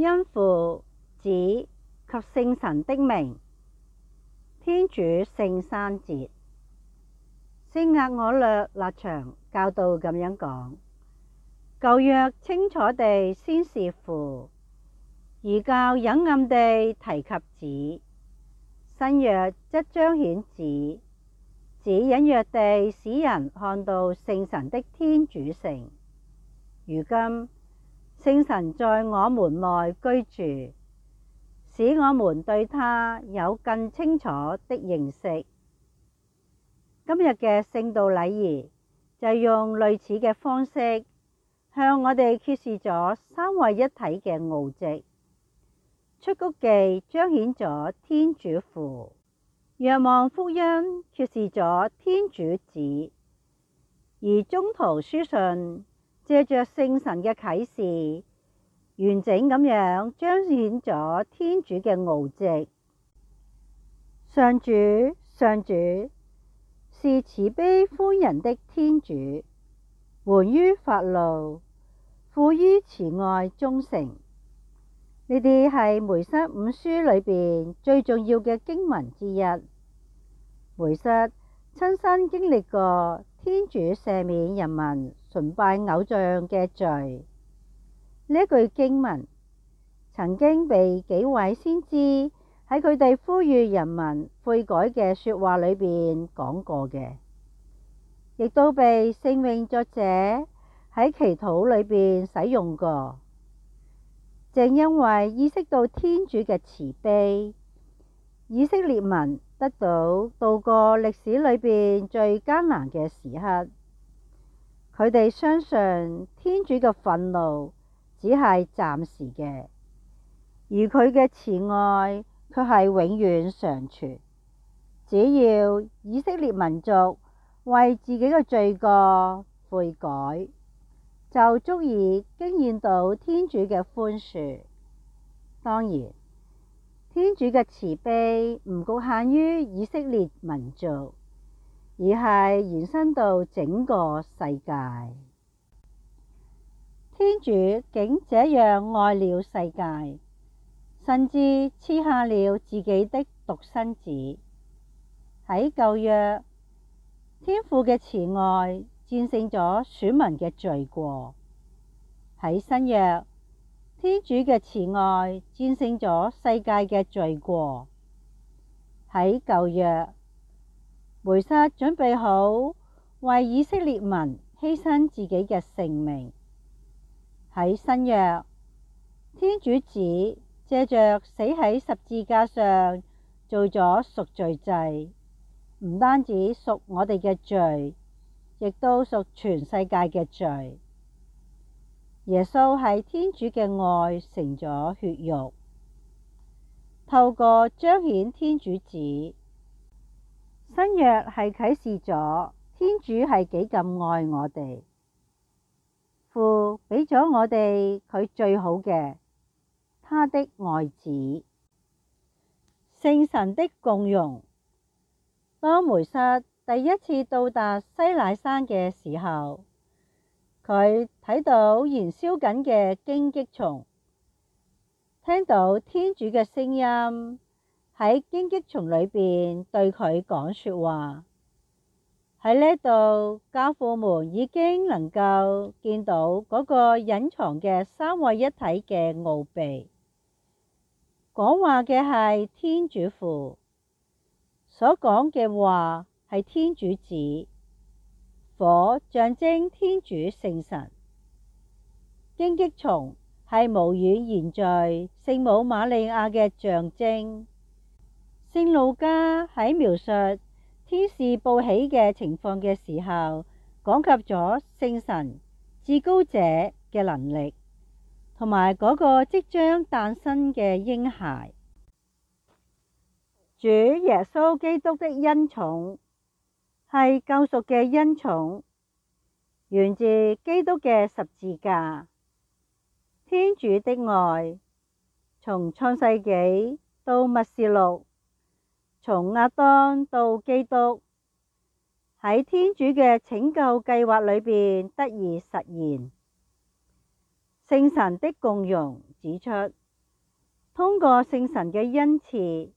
因父、子及聖神的名，天主聖三節，聖額我略納祥教導咁樣講：舊約清楚地宣示父，而較隱暗地提及子，新約則彰顯子，只隱約地使人看到聖神的天主性。如今，聖神在我們內居住，使我們對他有更清楚的認識。今日嘅聖道禮儀就用類似嘅方式，向我哋揭示咗三位一體嘅奧迹。出谷記彰顯咗天主父，若望福音揭示咗天主子，而宗徒書信。借着聖神嘅啟示，完整咁樣彰顯咗天主嘅奧蹟。上主，上主，是慈悲寬仁的天主，緩於發怒，富於慈愛忠誠。呢啲係梅瑟五書裏邊最重要嘅經文之一。梅瑟親身經歷過。天主赦免人民崇拜偶像嘅罪。呢句經文曾經被幾位先知喺佢哋呼籲人民悔改嘅說話裏邊講過嘅，亦都被聖詠作者喺祈禱裏邊使用過。正因為意識到天主嘅慈悲，以色列民。得到度過歷史裏邊最艱難嘅時刻，佢哋相信天主嘅憤怒只係暫時嘅，而佢嘅慈愛卻係永遠常存。只要以色列民族為自己嘅罪過悔改，就足以經驗到天主嘅寬恕。當然。天主嘅慈悲唔局限於以色列民族，而係延伸到整個世界。天主竟這樣愛了世界，甚至賜下了自己的獨生子。喺舊約，天父嘅慈愛戰勝咗選民嘅罪過；喺新約，天主嘅慈愛戰勝咗世界嘅罪過。喺舊約，梅瑟準備好為以色列民犧牲自己嘅性命。喺新約，天主子借着死喺十字架上做咗贖罪祭，唔單止贖我哋嘅罪，亦都贖全世界嘅罪。耶穌係天主嘅愛成咗血肉，透過彰顯天主子新約，係啟示咗天主係幾咁愛我哋，父俾咗我哋佢最好嘅，他的愛子。聖神的共融。當梅瑟第一次到達西乃山嘅時候。佢睇到燃燒緊嘅荊棘叢，聽到天主嘅聲音喺荊棘叢裏邊對佢講說話。喺呢度，教父們已經能夠見到嗰個隱藏嘅三位一體嘅奧秘，講話嘅係天主父，所講嘅話係天主子。火象徵天主聖神，荊棘叢係無染原罪聖母瑪利亞嘅象徵。聖路加喺描述天使報喜嘅情況嘅時候，講及咗聖神至高者嘅能力，同埋嗰個即將誕生嘅嬰孩，主耶穌基督的恩寵。係救贖嘅恩寵，源自基督嘅十字架。天主的愛從創世紀到默示錄，從亞當到基督，喺天主嘅拯救計劃裏邊得以實現。聖神的共融指出，通過聖神嘅恩賜，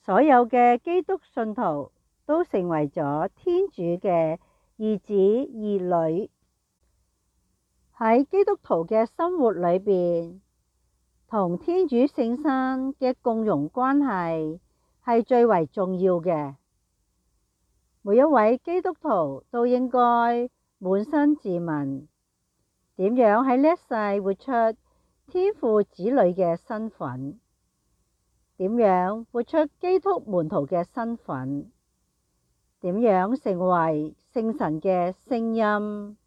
所有嘅基督信徒。都成為咗天主嘅兒子兒女。喺基督徒嘅生活裏邊，同天主聖三嘅共融關係係最為重要嘅。每一位基督徒都應該捫心自問：點樣喺呢一世活出天父子女嘅身份？點樣活出基督門徒嘅身份？點樣成為聖神嘅聲音？